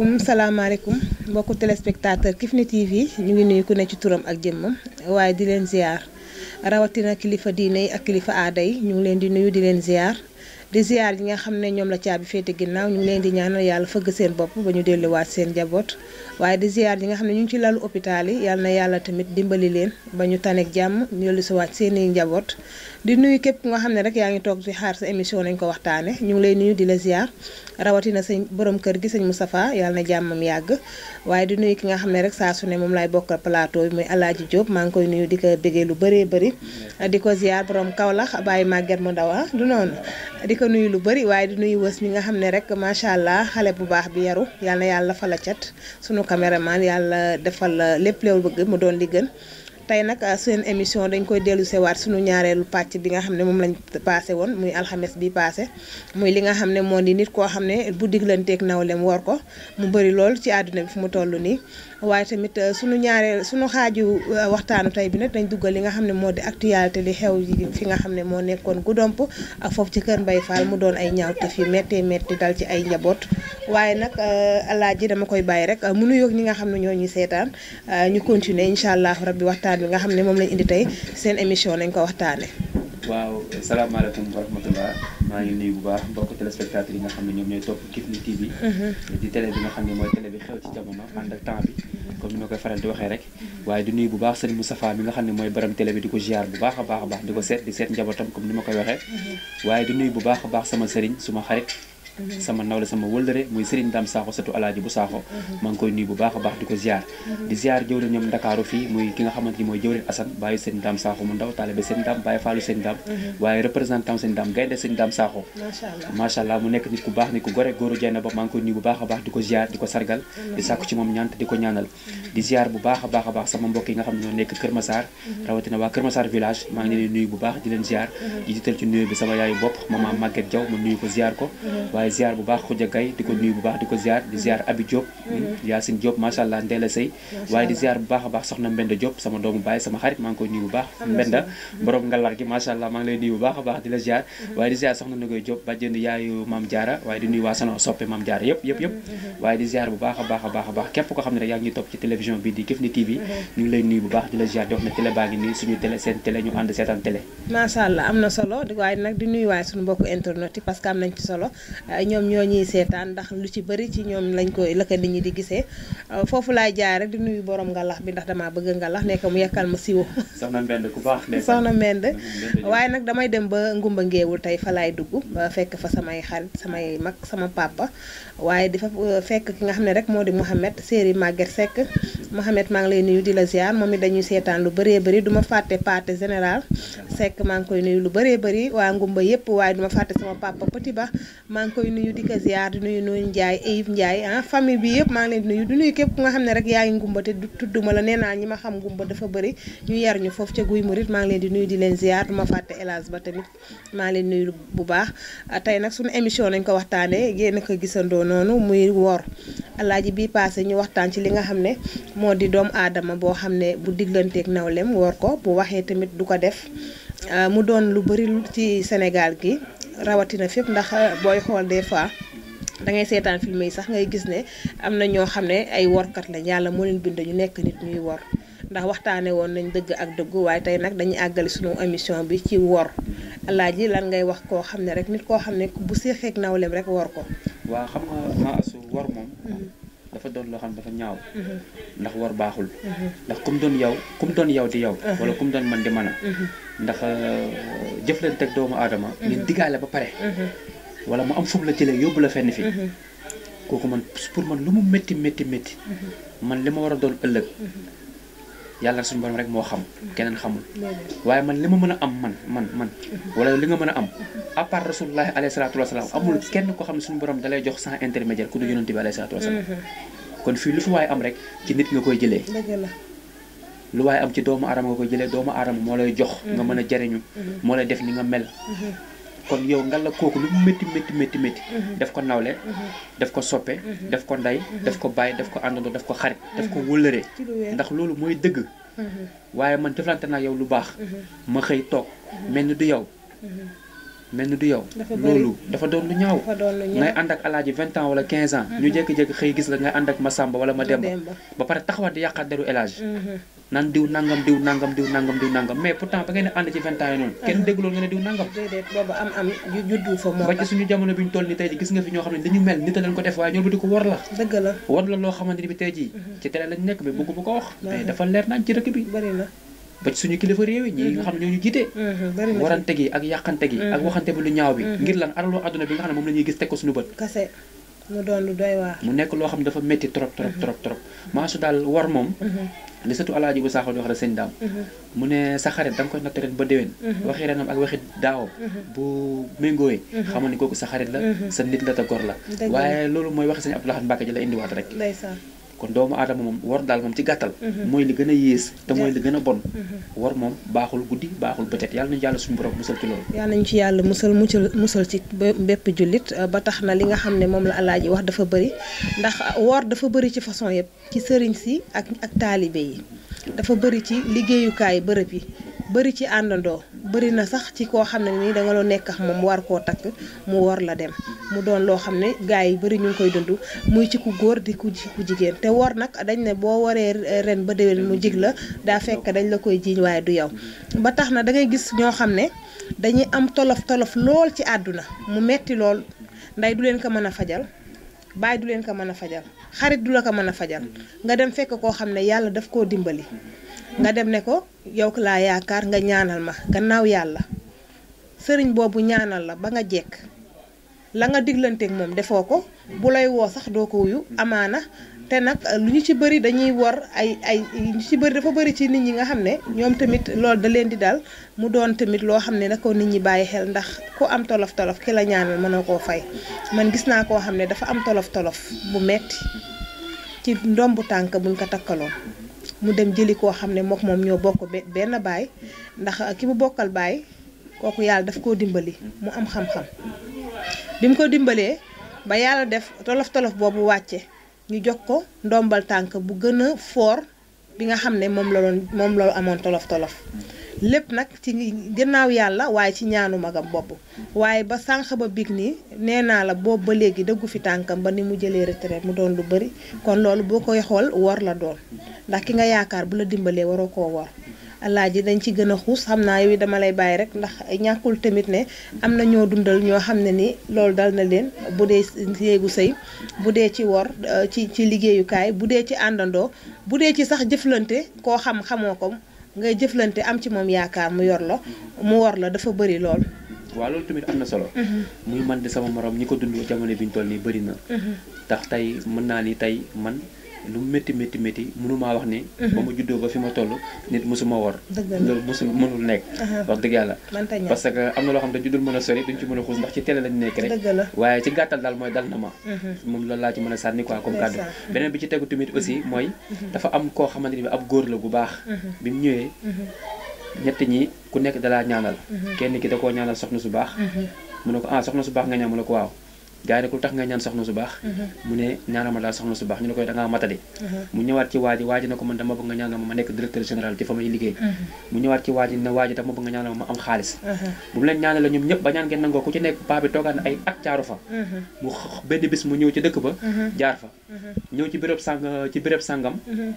um salaamaaleykum mbokku téléspectateur Kifne TV ñu ngi nuyu ku ne ci turam ak jëmmam waaye di leen ziar rawatina kilifa diine yi ak kilifa aada yi ñu ngi leen di nuyu di leen ziar di ziar yi nga xam ne ñoom la caabi féete ginnaaw ñu ngi leen di ñaanal yàlla fëgg seen bopp ba ñu delluwaat seen jaboot waaye di ziar ñi nga xam ñu ci lalu hôpital yi yàlla na yàlla tamit dimbali leen ba ñu taneeg jàmm ñolu si waat seeni njaboot di nuyu képp nga xam rek yaa ngi toog xaar sa émission ko waxtaane ñu ngi lay nuyu di la ziar rawatina sëñ borom kër gi sëñ Moustapha yàlla na jàmmam yàgg waaye di nuyu ki nga xam ne rek saa su ne moom laay plateau bi muy Alaaji Diop maa ngi koy nuyu di ko bëggee lu bëri di ko ziar borom Kaolack bàyyi màgget mu ndaw ah du noonu di ko nuyu lu bëri waaye di nuyu mi nga xam ne rek macha allah xale bu baax bi yaru na fa la cat caméraman yàlla defal lépp léew bëgg mu doon li gën tey nag euh, seen émission dañ koy dellu sewaat suñu ñaareelu pàcc bi nga xam ne moom lañ passé woon muy alxames bi passé muy li nga xam ne moo di nit koo xam ne bu diglanteek diglanteeg nawlem war ko mu bëri lool ci àdduna bi fu mu toll nii waaye tamit euh, suñu ñaareel suñu xaaju euh, waxtaanu tey bi nag dañ duggal li nga xam ne moo di actualité li xew fi nga xam ne moo nekkoon Goudomp ak foofu ci kër mbay Fall mu doon ay ñaawteef yu méttee métti dal ci ay njaboot waaye nag euh, alaaji dama koy bàyyi rek mu nuyoog ñi nga xam ne ñoo ñuy seetaan ñu continuer incha allah rabbi waxtaan bi nga xam ne moom lañ indi tey seen émission nañ ko waxtaanee. waaw maa ngi nuyu bu baax mbokk téléspectateurs xam ne ñoom ñooy topp Kifne TV. Mhm. bi nga xam ne mooy télé bi xew ci jamono bi. di waxee rek. Mhm. waaye bu baax sëñ Moustapha mi nga xam ne mooy borom télé bi di ko ziar bu baax a baax a baax di ko seet di seet njabootam comme ni ma koy waxee. Mhm. waaye di nuyu bu baax a baax sama sëriñ suma xarit. Mhm. sama nawle sama wëllëre muy Serigne Dame Sakho sëtu alaaji bu Sakho maa ngi koy nuyu bu baax a baax di ko ziar di mhm. ziar jëwle ñoom Ndakaaru fii muy ki nga xamante ni mooy jëwleen Assane bàyyi Serigne Dame Sakho mu ndaw taalibe Serigne Dame bàyyi Fallou Serigne Dame waaye représentant Serigne Dame nekk nit ku baax nit ku gore góoru jeyna ba maa a a a baax sama mbokk yi nga xam ne ñoo nekk Kër Massar mhm. rawatina waa Kër Massar village maa ngi leen nuyu bu baax di leen ziar di jiital ci nuyu bi sama yaayu bopp maman Maguette Diaw ma nuyu ko ziar ko waaye ziar bu baax ko Gaye di ko nuyu bu baax di ko ziar di ziar Abi Diop job, mhm. job macha allah Ndéla Sey waaye di ziar bu baax baax soxna Mbenda job sama doomu baay sama xarit mang ngi koy nuyu bu baax Mbenda mhm. borom ngalar gi macha allah maa ngi lay nuyu bu baax baax di la ziar mhm. waaye di ziar soxna Ngoy ba jeund yaayu mam jaara wa di nuyu wa Sanokh soppe mam jaara yep yep yep waaye di ziar bu baax baax baax baax kep ko xamne ngi top ci television bi di Kifne TV ñu ngi lay nuyu bu baax di la ziar di wax ne télé baa ngi nii suñu tele sen tele ñu ànd seetaan télé macha allah di na di waaye nag di nuyu way suñu mbokk internet parce que am nañ ci solo Euh, ñoom ñoo ñuy seetaan ndax lu ci bëri ci ñoom lañ koy la ko nit ñi di gisee euh, foofu laay jaar rek di nuyu borom ngalax bi ndax damaa bëgg ngalax nekk mu yekkal ma siwo soxna Mbend ku baax soxna waaye nag damay dem ba ngumba ngeewul tey fa laay dugg fekk fa samay xarit samay mag sama papa waaye di fekk ki nga xam ne rek moo di Mouhamed Séeri Maguette sekk Mohamed maa ngi lay nuyu di la ziar moom it dañuy seetaan lu bëree bëri du ma fàtte Pathé général Seck maa ngi koy nuyu lu bëree bëri waa Ngumba yëpp waaye du ma fàtte sama papa Petit Ba maa ngi koy nuyu di ko nuyu nuyu Ndiaye Eyib Ndiaye ah, bi yëpp maa ngi leen di nuyu du nuyu képp ku nga xam ne rek yaa ngi Ngumba te tudduma la nee ma xam Ngumba dafa bëri yar ñu foofu ca Guy Murit maa ngi leen di nuyu di leen ziar du fàtte Elage ba tamit maa ngi leen nuyu bu baax ah, tey nag suñu émission nañ ko waxtaanee yéen ko gisandoo noonu muy woor alaaji bi passé ñu waxtaan ci li nga xam ne moo di doomu aadama boo xam ne bu diglanteeg nawleem war ko bu waxee tamit du ko def euh, mu doon lu bari ci Sénégal gi rawatina fépp ndax euh, booy xool des fois da ngay seetaan film yi sax ngay gis ne am na ñoo xam ne ay workat lañ yàlla moo leen bind ñu nekk nit ñuy wor ndax waxtaane woon nañ dëgg ak dëggu waaye tey nag dañuy àggali sunu émission bi ci wor ji lan ngay wax koo xam ne rek nit koo xam ne bu seexeek nawleem rek wor ko. dafa doon loo xam ne dafa ñaaw mhm. ndax war baaxul mhm. ndax kum doon yow kum doon yow di yow mhm. wala kum doon man di mën a ndax euh, jëflante ak doomu aadama ngeen diggaale ba pare wala mu am fu mu la jëlee yóbbu la fenn fi kooku man pour man lu mu métti métti métti man li ma war a doon ëllëg yàlla suñu borom rek moo xam mm-hmm. keneen xamul mm-hmm. waaye man li ma mën a am man man man mm-hmm. li nga mën a am à part rasulullahi alayhi salaatu wasalaam ko xam ne suñu borom dalay jox sans intermédiaire ku du yonent bi alayhi salaatu wasalaam kon fii lu fi waaye am rek ci nit nga koy jëlee lu waaye am ci doomu aadama nga koy jëlee doomu aadama moo lay jox nga mën a jariñu moo lay def ni nga mel kon yow nga la kooku lu mu métti métti métti métti mhm. def ko nawle mhm. def ko soppe mhm. def ko ndey def ko bàyyi def ko àndandoo def ko xarit def ko wëllëre ndax loolu mooy dëgg waaye man deflante naa yow lu baax ma xëy toog mel ni du yow mel ni du yow loolu dafa doon lu ñaaw ngay ànd ak alaaji vingt ans wala quinze ans ñu jékki-jékki xëy gis la ngay ànd ak ma sàmba wala ma demba ba pare taxawaat di yàqaat deru elage nan diw nangam diw nangam diw nangam diw nangam mais pourtant ba ngay di ànd ci vingt ans yi noonu kenn ah. dégguloo nga diw nangam dedet boobu am am yu juddou fo mo ba ci suñu jamono biñ toll ni tey ji gis nga fi ño xam dañu mel nit lañ ko def waaye ñoom di ko wor la deug la wor la lo xamanteni bi tey ji mhm. ci télé lañ nek bi bëggu bu ko wax mais dafa leer nañ ci rek bi bari la ba ci suñu kilifa rew ñi nga xam ne ñoo ñu jiite mhm, warante gi ak yakante gi ak mhm. waxante bu lu ñaaw bi ngir lan aralo aduna bi nga xam mom lañuy gis tek ko suñu bëtt kasse mu doon lu doy waar mu nek lo xam dafa metti trop trop trop trop ma su dal war mom li sëtu alaaji bu saaxoo di wax rek sëñ daam mhm. mu ne sa xarit da nga koy natt ren ba déwén mhm. waxi renam ak waxi daawam mhm. bu méngooyee xamal ni kooku sa xarit la sa nit la te gor la waaye loolu mooy waxi sëñ Abdou Lahad Mbacké ji la indiwaat rek kon doomu aadama moom war daal moom ci gàttal mhm. mooy li gën a yées te mooy li gën a bon mhm. war moom baaxul guddi baaxul bëccëg yàlla nañu yàlla suñu borom musal ci loolu yàlla nañu ci yàlla musal mucal musal ci bépp jullit euh, ba tax na li nga xam ne moom la alaaji wax dafa bëri ndax euh, woor dafa bëri ci façon yëpp ci sëriñ si ak ak taalibe yi dafa bëri ci liggéeyukaay bërëb yi bëri ci àndandoo bëri na sax ci koo xam ne nii da loo nekk ak moom war koo takk mu war la dem mu doon loo xam ne gars yi bëri ñu ngi koy dund muy ci ku góor di ku ku jigéen te war nag dañ ne boo waree ren ba déwén mu jig la daa fekk dañ la koy jiiñ waaye du yow ba tax na da ngay gis ñoo xam ne dañuy am tolof tolof lool ci àdduna mu metti lool ndey du leen ko mën a fajal bàyyi du leen ko mën a fajal xarit du la ko mën a fajal nga dem fekk koo xam ne yàlla daf koo dimbali nga dem ne ko yow ko laa yaakaar nga ñaanal ma gannaaw yàlla sëriñ boobu ñaanal la ba nga jekk la nga diglanteek moom defoo ko bu lay woo sax doo ko wuyu amaana te nag euh, lu ñu ci bëri dañuy wor ay ay bëri dafa bari ci nit ñi nga xam ne ñoom tamit loolu da leen di dal mu doon tamit loo xam ne na ko nit ñi bàyyi xel ndax ku am tolof tolof ki la ñaanal mënoo koo fay man gis naa koo xam ne dafa am tolof tolof bu metti ci ndombu tànk buñ ko takkaloon mu dem jëli koo xam ne mook moom ñoo bokk benn baay ndax ki mu bokkal baay kooku yàlla daf koo dimbali mu am xam-xam bi mu ko dimbalee ba yàlla def tolof-tolof boobu wàcce ñu jox ko ndombal tànk bu gën a foor bi nga xam ne moom la moom la amoon tolof-tolof lépp nag ci gannaaw yàlla waaye ci ñaanu magam bopp waaye ba sànq ba big nii nee naa la boob ba léegi dëggu fi tànkam ba ni mu jëlee retraite mu doon lu bëri kon loolu boo koy xool wor la doon ndax ki nga yaakaar bu la dimbalee waroo koo wor ji dañ ci gën a xuus xam naa yow dama lay bàyyi rek ndax ñàkkul tamit ne am na ñoo dundal ñoo xam ne ni loolu dal na leen bu dee yéegu sëy bu dee ci wor euh, ci ci liggéeyukaay bu dee ci àndandoo bu dee ci sax jëflante koo xam xamoo ko ngay jëflante am ci moom yaakaar mu yor la mu war la dafa bëri lool. waaw loolu tamit am na solo. Mhm. muy man de sama morom ñi ko dund jamono bi ñu toll nii bëri na. tax mhm. tey mën na ni tey man. lu metti metti métti mënumaa wax ni mhm. ba ma juddoo ba fi ma toll nit mosuma wor loolu mosul mënul nekk wax dëgg yàlla parce que am na loo xam dañ juddul dul mën a sori duñ ci mën a xuus ndax ci télé lañ nekk rek waaye ci gàttal daal mooy dal na ma mhm. moom loolu laa ci mën a sànni quoi comme kàddu beneen bi ci tegu tamit aussi mhm. mooy dafa am koo xamante ni bi ab góor la bu baax bi mu ñëwee ñett ñi ku nekk dalaa ñaanal kenn ki da koo ñaanal soxna su baax mu ne ko ah soxna su baax nga ñaan mu ne ko waaw gaay ko tax nga ñaan soxna su baax mhm. mu ne ñaanama la soxna su baax ñu ne koy da nga matalé mhm. mu ñëwaat ci waaji waaji nako man dama bëgg nga ñaanama ma ma nekk directeur général ci famay liggéey mhm. mu ñëwaat ci waaji ne waaji dama bëgg nga ñaanama ma am xaaliss bu mu leen la ñoom ñëpp ba ñaan ngeen ku ci nekk pa bi togan ay ak ciaru fa mu benn bis mu ñëw ci dëkk ba jaar fa ñëw ci bërepp sang ci bërepp sangam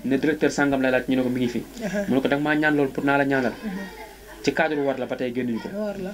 ne directeur sangam la laaj ñu ne ko mi ngi fi mu ne da nga ñaan lool pour na la ñaanal ci cadre war la batay tey ko war la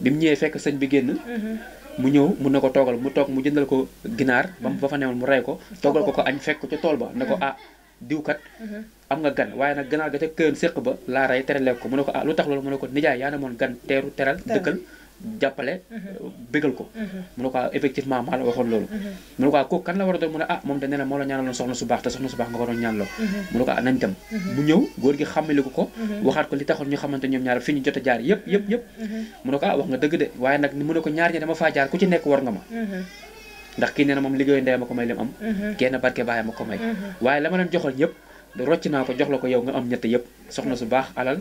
bi mu ñëwee fekk sëñ bi génn. Mm-hmm. mu ñëw mun na ko toogal mu toog mu jëndal ko ginaar ba mu mm-hmm. ba fa newoon mu rey ko toogal ko ko añ fekk ca tool ba ne ko mm-hmm. ah diwkat am nga gan waaye nag ginaar ga ca kër séq ba laa rey tere ko mu ne ko ah lu tax loolu mu ne ko nijaay yaa na moon gan teeru teral dëkkal jàppale mhm. bégal ko mhm. mu ne ko ah, effectivement maa a waxoon loolu mhm. mu ne ko ah, kooku kan la war a doon mu ne ah moom de nee na moo la ñaanaloon soxna su baax te soxna su baax nga ko doon ñaanloo mu ne ko ah nañ dem mu ñëw góor gi xàmmali ko ko waxaat ko li taxoon ñu xamante ñoom ñaar fi ñu jot a jaar yëpp yëpp mu ne ko ah wax nga dëgg de waaye nag mu ne ko ñaar ñi dama faa jaar ku ci nekk war ma ndax kii nee na moom liggéeyu ndey may lim am kenn barke bàyyi ma may waaye la ma yëpp de rocc naa ko jox la ko yow nga am ñett yëpp soxna su baax alal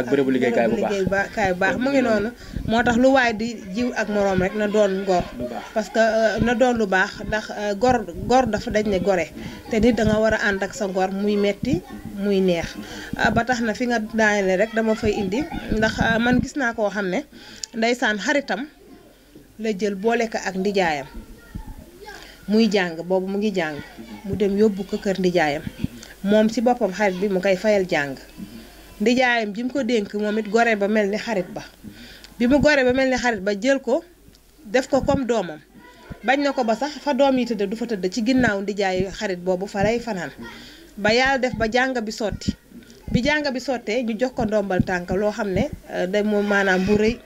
ak bërëbu liggéeykaay bu baax liggéeykaay bu baax mu ngi noonu moo tax lu waay di jiw ak moroom rek na doon ngor parce que na doon lu baax ndax gor gor dafa dañ ne gore te nit da nga war a ànd ak sa gor muy metti muy neex ba tax na fi nga daanele rek dama fay indi ndax euh, man gis naa koo xam ne ndeysaan xaritam la jël boole ko ak ndijaayam muy jàng boobu mu ngi jàng mu dem yóbbu ko kër ndijaayam moom ci boppam xarit bi mu koy fayal jàng ndijaayam ji mu ko dénk moom it gore ba mel ni xarit ba bi mu gore ba mel ni xarit ba jël ko def ko comme doomam bañ na ko ba sax fa doom yi tëdd du fa tëdd ci ginnaaw ndijaayu xarit boobu fa lay fanaan ba yàlla def ba jàng bi sotti bi jàng bi sottee ñu jox ko ndombal tànk loo xam ne euh, da moom maanaam bu rëy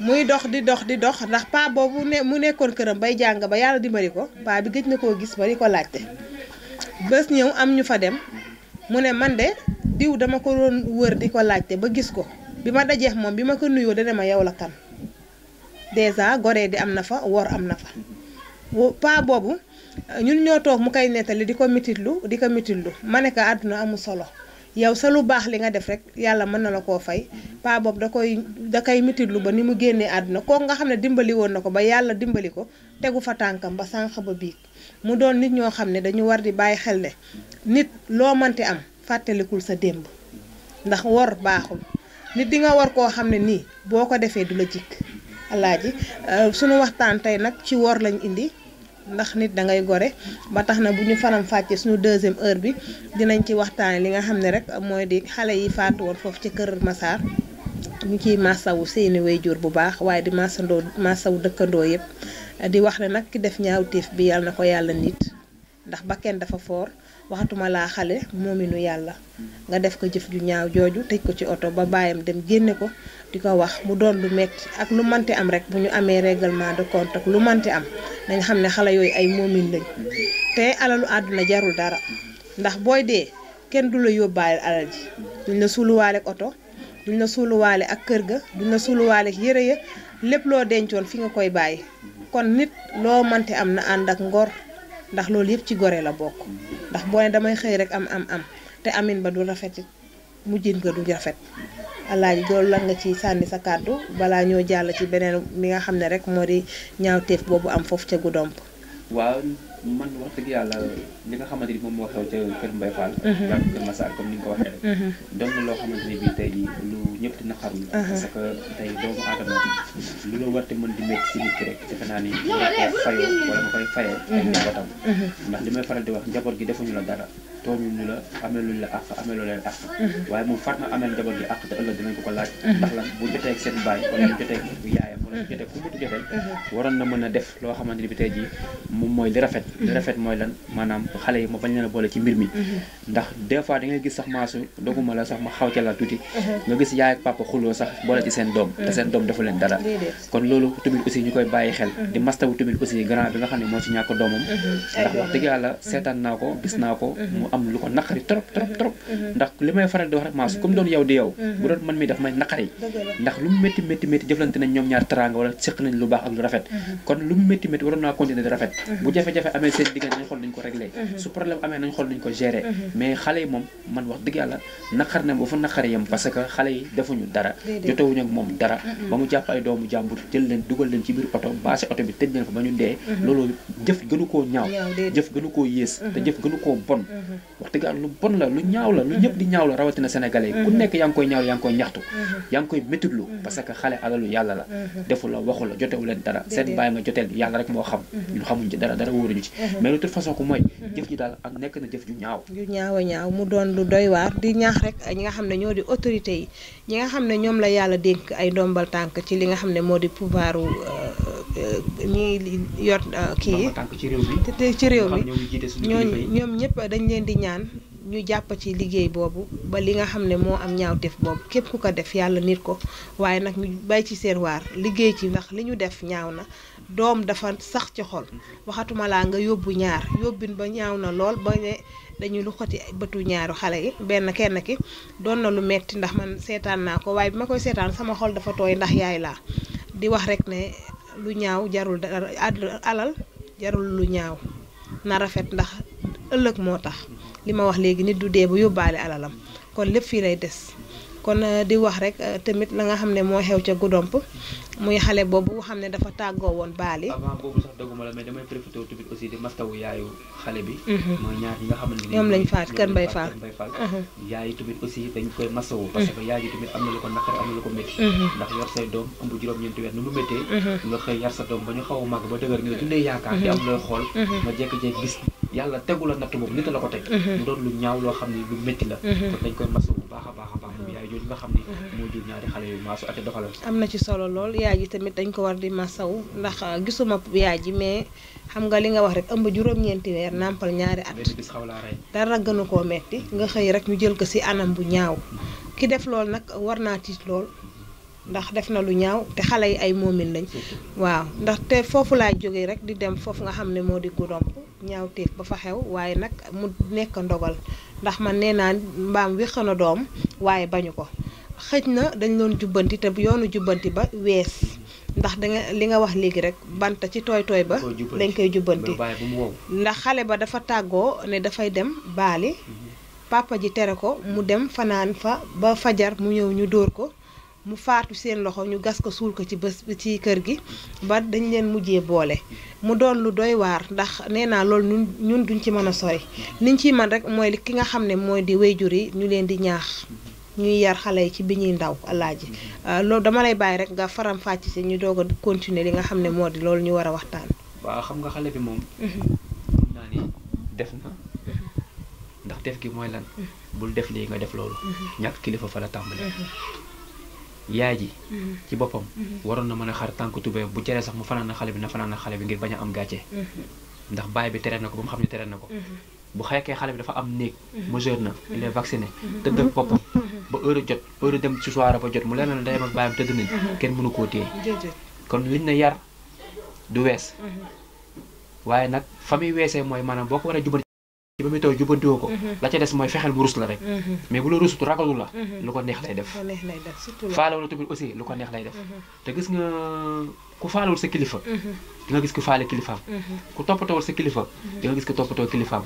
muy dox di dox di dox ndax paa boobu ne mu nekkoon këram bay jàng ba yàlla di mari ko paa bi gëj na koo gis ba di ko laajte bés ñëw am ñu fa dem mu ne man de diw dama ko doon wër di ko laajte ba gis ko bi ma dajeex moom bi ma ko nuyoo dana ma yow la kan dèjà goree di am na fa wor am na fa pa boobu ñun ñoo toog mu koy nettali di ko mititlu di ko mititlu ma ne ko àdduna amul solo yow sa lu baax li nga def rek yàlla mën na la koo fay pa boobu da koy da koy mititlu ba ni mu génnee àdduna kooku nga xam ne dimbali woon na ko ba yàlla dimbali ko tegu fa tànkam ba sànq ba biig mu doon nit ñoo xam ne dañu war di bàyyi xel ne nit loo mënti am fàttalikul sa démb ndax wor baaxul nit di nga war koo xam ne nii boo ko defee du la jikk alaaji euh, sunu waxtaan tey nag ci wor lañ indi ndax nit da ngay gore ba tax na bu ñu faram fàccee suñu deuxième heure bi dinañ ci waxtaane li nga xam ne rek mooy di xale yi faatu woon foofu ci Kër Massar ñu ciy massawu seeni wayjur bu baax waaye di masandoo massawu dëkkandoo yëpp di wax ne nag ki def ñaawteef bi yàlla na ko yàlla nit ndax ba kenn dafa foor waxatuma laa xale moominu yàlla nga def ko jëf ju ñaaw jooju tëj ko ci oto ba baayam dem génne ko di ko wax mu doon lu metti ak lu manti am rek bu ñu amee règlement de compte lu manti am nañ xam ne xale yooyu ay moomin lañ te alalu àdduna jarul dara ndax booy dee kenn du la yóbbaale alal ji duñ la suuluwaale ak oto duñ na suuluwaale ak kër ga duñ na suuluwaale ak yére ya lépp loo dencoon fi nga koy bàyyi kon nit loo mënti am na ànd ak ngor ndax loolu yëpp ci gore la bokk ndax boo ne damay xëy rek am am am te amin ba du rafet it mujjin nga du rafet alaaji loolu lan nga ci sànni sa kàddu balaa ñoo jàll ci beneen mi nga xam ne rek moo di ñaaw ñaawteef boobu am foofu ca Goudomp man wax dëgg yàlla li nga xamante ni moom moo xew ca kër Mbaye Fall. Mhm. ak kër Massar comme ni nga ko waxee rek. Mhm. doon na loo xamante ni bii tey jii lu ñëpp di naqarlu. Mhm. parce que tey doomu aadama lu la warte mën di métti si nit ki rek defe naa ni nga koy fayoo wala nga koy fayee. ak njabootam. ndax li may faral di wax njaboot gi defuñu la dara. doom yi ñu la amee luñ la àq amee lu jotee ak seen baay wala bu mhm. Mhm. na mën a def loo xamante bi tey jii mooy li rafet li mhm. rafet mooy lan maanaam xale yi ma bañ leen a boole ci mbir mi ndax des fois da ngay gis sax maasu doguma la sax ma xaw ca la tuuti nga gis yaay ak papa xuloo sax boole ci seen doom te seen doom dafa leen dara kon loolu tamit aussi ñu koy bàyyi xel di mastawu tamit aussi grand bi nga xam ne moo ci ñàkk doomam ndax wax dëgg yàlla am lu ko nakari trop trop mhm. trop mhm. ndax limay faral di wax rek maas comme doon yow di yow mhm. bu doon man mi daf may nakari ndax lu metti metti metti métti jëflante nañ ñom ñaar teranga wala sekk nañ lu baax ak lu rafet kon lu metti metti métti waroon continuer di rafet bu jafé jafé amé seen digal nañ xol nañ ko régler su problème amé nañ xol nañ ko gérer mais xalé mom man wax deug yalla nakar na bu fa nakari yam parce que xalé yi defuñu dara jotewuñu ak mom dara ba mu japp ay doomu jambur jël leen duggal leen ci biir auto baase auto bi tëj leen ko ba ñu dé lolu jëf gënu ko ñaaw jëf gënu ko yees te jëf gënu ko bon wax dëgg lu bon la lu ñaaw la lu ñëpp di ñaaw la rawatina sénégalais yi ku mhm. nekk yaa ngi koy ñaaw yaa ngi koy ñaxtu mhm. yaa ngi koy métitlu mhm. parce que xale alalu yàlla la defu la waxu la jotewu leen dara seen bàyyi nga joteel yàlla rek moo xam ñun xamuñ ci dara dara wóoruñu ci mais de toute façon ku mooy jëf ji daal ak nekk na jëf ju ñaaw ju ñaaw a ñaaw mu doon lu doy waar di ñaax rek nga xam ne ñoo di autorité yi ñi nga xam ne ñoom la yàlla dénk ay dombal tànk ci li nga xam ne moo di pouvoir euh, euh, ñi yor euh, kii yi ci réew mi ñooñ ñoom ñëpp dañ leen di ñaan ñu jàpp ci liggéey boobu ba li nga xam ne moo am ñaaw def boobu képp ku ko def yàlla nit ko waaye nag ñu bay ci seen waar liggéey ci ndax li ñu def ñaaw na doom dafa sax ci xol waxatuma laa nga yóbbu ñaar yóbbin ba ñaaw na lool ba ne dañuy lu xoti bëtu ñaaru xale yi benn kenn ki doon na lu metti ndax man seetaan naa ko waaye bi ma koy seetaan sama xol dafa tooy ndax yaay laa di wax rek ne lu ñaaw jarul dara alal jarul lu ñaaw na rafet ndax ëllëg moo tax li ma wax léegi nit du dee bu yóbbaale alalam kon lépp fii lay des kon eh, di wax rek eh, tamit la nga xamne mo xew ci gudomp muy xalé bobu xam ne dafa tàggoo won bali avant bobu sax dëgguma la mais damay profité tamit aussi di mastaw yaayu xalé bi. Mhm. mo ñaar yi nga xamne ñom lañ faat Kër Mbaye Fall mhm. yaay tamit aussi dañ koy mastawu. parce que yaayi yi tamit amna lu ko naqari amna lu ko metti mhm. ndax yor say dom am bu juroom ñent wet nu mu nga xey yar sa dom bañu xaw mag ba deugar ñu dundé yaakaar. di am lo xol ma jek jek gis yalla tegu la natt boobu nit la ko teg. doon lu ñaaw lo xam lu metti la. dañ koy masawu xam ni am na ci solo lool yaay ji tamit dañ ko war di masaw ndax gisuma yaay ji mais xam nga li nga wax rek ëmb juróom-ñeenti weer nàmpal ñaari at dara gënu koo metti nga xëy rek ñu jël ko ci anam bu ñaaw ki def lool nag war naa ci lool ndax def na lu ñaaw te xale yi ay moomin lañ waaw ndax te foofu laa jóge rek di dem foofu nga xam ne moo di guddomp ñaaw téef ba fa xew waaye nag mu nekk ndogal ndax man nee naa mbaam wéq na doom waaye bañu ko xëj na dañ doon jubbanti te yoonu jubbanti ba wees ndax danga li nga wax léegi rek banta ci tooy tooy ba dañ koy jubbanti ndax xale ba dafa tàggoo ne dafay dem baali mhm. papa ji tere ko mu dem fanaan fa ba fajar mu ñëw ñu dóor ko mu faatu seen loxo ñu gas ko suul ko ci bés ci kër gi ba dañ leen mujjee boole mu doon lu doy waar ndax nee naa loolu ñun duñ ci mën a sori niñ ciy man rek mooy ki nga xam ne mooy di wéyjur yi ñu leen di ñaax ñuy yar xale yi ci bi ñuy ndaw alaaji ah, loolu dama lay bàyyi rek nga faram fàcc si ñu doog a continuer li nga xam ne moo di loolu ñu war a waxtaan. waaw xam nga xale bi moom. mun mhm. naa ni def na. Mhm. ndax def gi mooy lan. Mhm. bul def lii nga def loolu. ñàkk kilifa fa la tàmbalee. yaay ji mm-hmm. ci boppam mm-hmm. waroon na mën a xar tànk tubéyam bu jaree sax mu fanaan na xale bi na fanaan na xale bi ngir bañ a am gàcce mm-hmm. ndax baay bi tere na ko ba mu xam ne tere na ko bu xekkee xale bi dafa am néeg majeur na il est vacciné tëdd ak boppam ba heure jot heure dem ci ba jot mu leen na day ak baayam tëdd nañ kenn mënu koo téye kon liñ na yar du wees waaye nag famille weesee mooy maanaam boo ko war a ci ba muy taw jubbantewoo ko mhm. la ca des mooy fexeel bu rus la rek mhm. mais bu la rusut ragalu la mhm. lu ko neex lay def faalewu la tamit aussi lu ko neex lay def te gis nga ku faalewul sa kilifa di nga gis ku faale kilifaam ku toppatawul sa kilifa di nga gis ku toppatoo kilifaam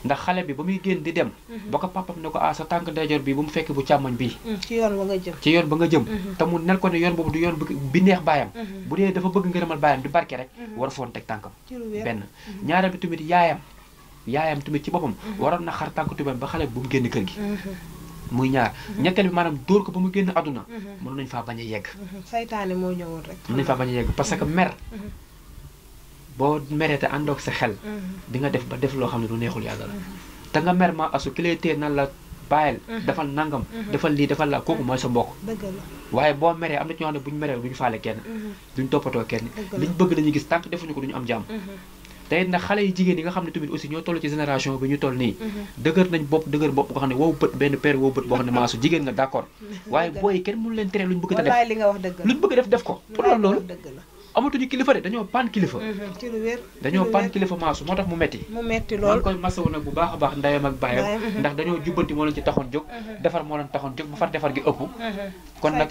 ndax xale bi ba muy génn di dem ba ko papam ne ko ah sa tànk ndeyjoor bi bu mu fekk bu càmmoñ bi ci yoon ba nga jëm ci yoon ba nga jëm te mu nel ko ne yoon boobu du yoon bi neex baayam bu dee dafa bëgg ngërëmal baayam di barke rek war foon teg tànkam benn ñaareel bi tamit yaayam yaayam tamit ci boppam mhm. waroon na xar tànk tubéem ba xale bu mu génn kër gi mhm. muy ñaar mhm. ñetteel bi maanaam dóor ko ba mu génn àdduna mën nañ faa bañ a yegg saytaane moo ñëwoon rek mën nañ faa bañ parce que mer boo meree te àndoog sa xel di nga def ba def loo xam ne du neexul yàlla la te nga mer ma asu ki lay téye la bàyyil defal nangam defal lii defal la kooku mooy sa mbokk waaye boo meree am na ci ñoo xam ne bu ñu meree bu ñu faale kenn duñ toppatoo kenn liñ bëgg dañuy gis tànk defuñu ko duñu am jàmm tey ndax xale yi jigéen yi nga xam ne tamit aussi ñoo toll ci génération bi ñu toll nii mhm. dëgër nañ bopp dëgër bopp nga xam ne wow bët benn paire wow bët boo xam ne maasu jigéen nga d'accord waaye booy kenn mënu leen tere luñ bëgg a def nga wax dëgg luñ bëgg a def def ko pour loolu amatuñu kilifa de dañoo paan kilifa mhm. ci lu wér dañoo paan kilifa maasu moo tax mu metti mu lool koy masawu nag bu baax a baax ndayam ak baayam mhm. ndax dañoo jubbanti moo leen ci taxoon jóg defar moo leen taxoon jóg defar gi ëpp kon nag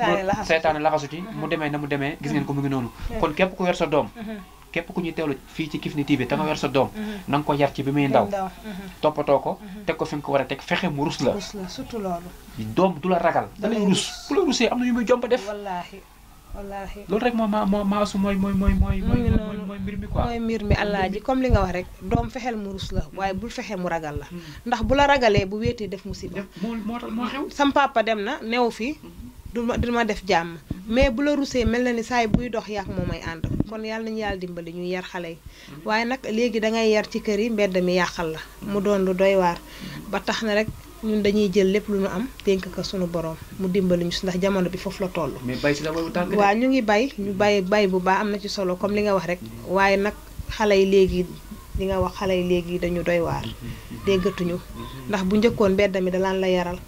seytaane laxasu ci mu demee na mu demee gis ngeen ko mu noonu kon képp ku yor sa doom képp ku ñuy teewlu fii ci Kifne TV te nga yor sa doom mhm. Mhm. na nga ko yar ci bi muy ndaw mhm. toppatoo ko teg ko fi nga ko war a teg da la rusee am na yu muy jomba def wallaahi wallaahi loolu rek moo ma moo maasu li nga wax rek doom fexeel mu rus la mm. waaye bul fexee mu ragal la mm. ndax bu la ragalee bu wéetee def musiba moo moo xew sam papa dem na new fi mm. du ma def jàmm mais bu la rusee mel na ni saay buy dox yàq moom ay ànd kon yàlla nañu yàlla dimbali ñu yar xale yi mm-hmm. waaye nag léegi yar ci kër yi mbedd mi yàqal la mu doon lu doy waar mm-hmm. ba tax na rek ñun dañuy jël lépp lu ñu am dénk ko suñu borom mu dimbali ñu ndax jamono bi foofu la toll. mais bay si la waaw ñu ngi bay ñu bay bay bu baax am na ci solo comme li nga wax mm-hmm. waaye nag xale yi léegi li nga wax xale yi léegi dañu doy waar déggatuñu ndax bu njëkkoon mbedd mi dalaan la yaral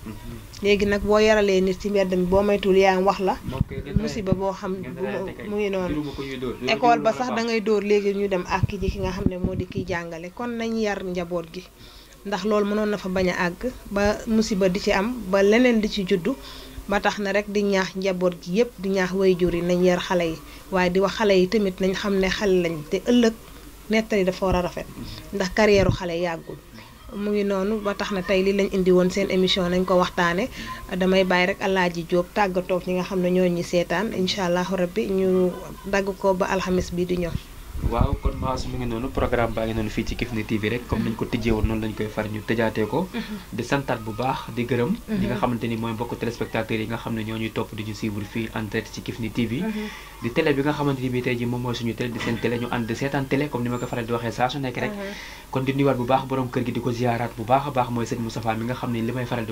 léegi nag boo yaralee nit ci mbedd mi boo maytul yaa wax la musiba boo xam mu ngi noonu école ba sax da ngay dóor léegi ñu dem àkk ji ki nga xam ne moo di kiy jàngale kon nañ yar njaboot gi ndax loolu mënoon na fa bañ a àgg ba musiba di ci am ba leneen di ci juddu ba tax na rek di ñaax njaboot gi yépp di ñaax way waajur yi nañ yar xale yi waaye di wax xale yi tamit nañ xam ne xale lañ te ëllëg nettali dafa war a rafet mm-hmm. ndax carrièreu xale yàggul mu ngi noonu ba tax na tey lii lañ indi woon seen émission nañ ko waxtaane damay bàyyi rek alaaji Jóob tàggatoog ñi nga xam ne ñoo ñi seetaan incha allahu rabbi ñu dagg ko ba alxamis bii di ñëw waaw kon Mass mi ngi noonu programme baa ngi noonu fii ci Kifne TV rek comme nañ ko tijjee woon noonu lañ koy far ñu tëjaatee ko mm-hmm. di santaat bu baax di gërëm ñi nga mm-hmm. xamante ni mooy mbokk téléspectateurs yi nga xam ne ñoo ñuy topp di ñu suivre fii en direct mm-hmm. xamante ni bii tey ji mooy suñu télé di seen télé ñu ànd di seetaan télé comme ni ma ko faral di waxee saa su nekk rek kon di nuyuwaat bu baax borom kër gi di ko ziyaaraat bu baax baax mooy sëñ Moustapha mi nga xam ne li may faral di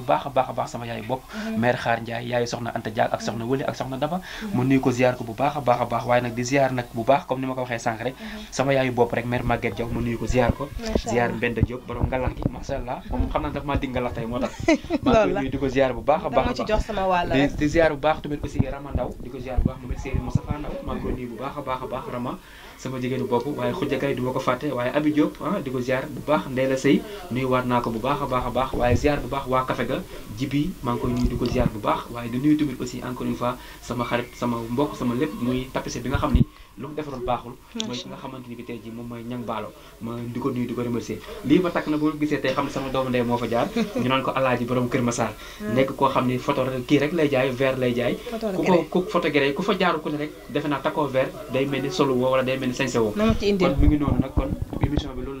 bu baax a baax a baax sama yaayu bopp mhm. mère Xaar Ndiaye yaayu soxna Anta Diak ak soxna Wëli ak soxna Daba mhm. mu nuyu ko ziar ko bu baax a baax a baax waaye nag di ziar nag bu baax mhm. ngalax gi macha xam naa daf maa dig ngalax tey moo tax maa ngi nuyu di ko ziar bu baax a baax di baax Rama Ndaw di ko ziar bu baax moom it Ndaw maa koy nuyu bu baax a baax a baax Rama sama jigéenu bopp waaye xujja kay du ma ko fàtte waaye abi Diop ah di ko ziar bu baax ndey la sëy nuy waat naa ko bu baax baax baax waaye ziar bu baax waa café ga jibi maa ngi koy nuyu di ko ziar bu baax waaye di nuyu tamit aussi encore une fois sama xarit sama mbokk sama lépp muy tapi bi nga xam lu mu defaroon baaxul mooy ki nga xamante ni bi tey jii moom mooy ñang baalo ma di ko nuyu di ko remercier lii ma takk na boo gisee tey xam ne sama doomu moo fa jaar ñu naan ko alaaji borom Kër Massar hmm. nekk koo xam ni photo kii rek lay jaay verre lay jaay ku ko ku photo gere ku fa jaaru ku ne rek defe naa takkoo verre day mel ni solo woo wala day mel ni sañse woo kon mi ngi noonu nag kon émission bi loolu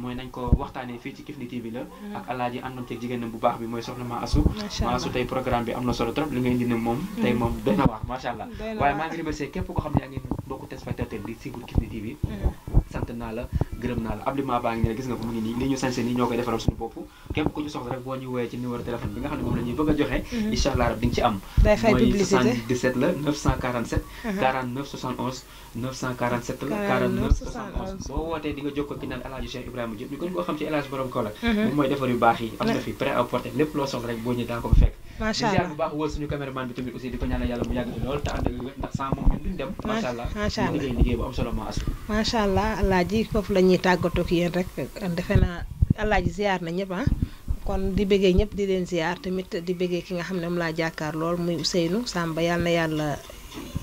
mooy nañ ko waxtaanee fii ci Kifne TV la mm-hmm. ak alaaji àndoon ci jigéenam bu baax bi mooy soxna Ma Asu Ma Asu tey programme bi am na solo trop li nga indi ne moom mm-hmm. tey moom doy na wax macha allah waaye maa ngi remercier képp ko xam ne yaa ngi bokk téléspectateur di siigu Kifne TV mm-hmm. sant naa la gërëm naa la abdiment baa ngi ne gis nga ko mu ngi nii li ñu sañse nii ñoo koy defaral suñu bopp képp ku ñu soxla rek boo ñu woowee ci numéro téléphone bi nga xam ne moom la ñuy bëgg a joxe mhm. incha allah rab di nga ci am mooy 77 mhm. wootee di nga jokkoo ki naan El Hadj Cheikh Ibrahima Diop ñu gën koo xam ci El borom Kaolack mhm. moom mooy defar yu baax yi am na fi prêt à porter lépp loo soxla rek boo ñu daa ko fekk macha allah di jaar bu baax wóor suñu caméraman bi tamit aussi di ko foofu la ñuy tàggatoo ak yéen rek defe naa alaaji ziar na ñëpp ah. kon di bëggee ñëpp di leen ziar tamit di bëggee ki nga xam ne moom laa jàkkaar lool muy Ousseynou Samba yàlla yàlla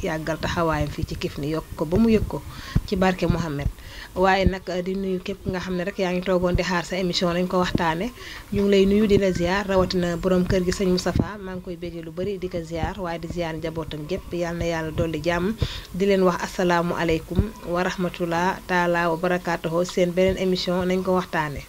yàggal taxawaayam fii ci Kifne yokk ko ba mu yëg ko ci barke mohammed waaye nag di nuyu képp nga xam ne rek yaa ngi toogoon di xaar sa émission nañ ko waxtaane ñu ngi lay nuyu di la ziar rawatina borom kër gi sëñ Moustapha maa ngi koy béggee lu bëri di ko ziar waaye di ziar njabootam gépp yal na yàlla dolli jàmm di leen wax asalaamualeykum wa rahmatulah taala wa barakaatuhu seen beneen émission nañ ko waxtaane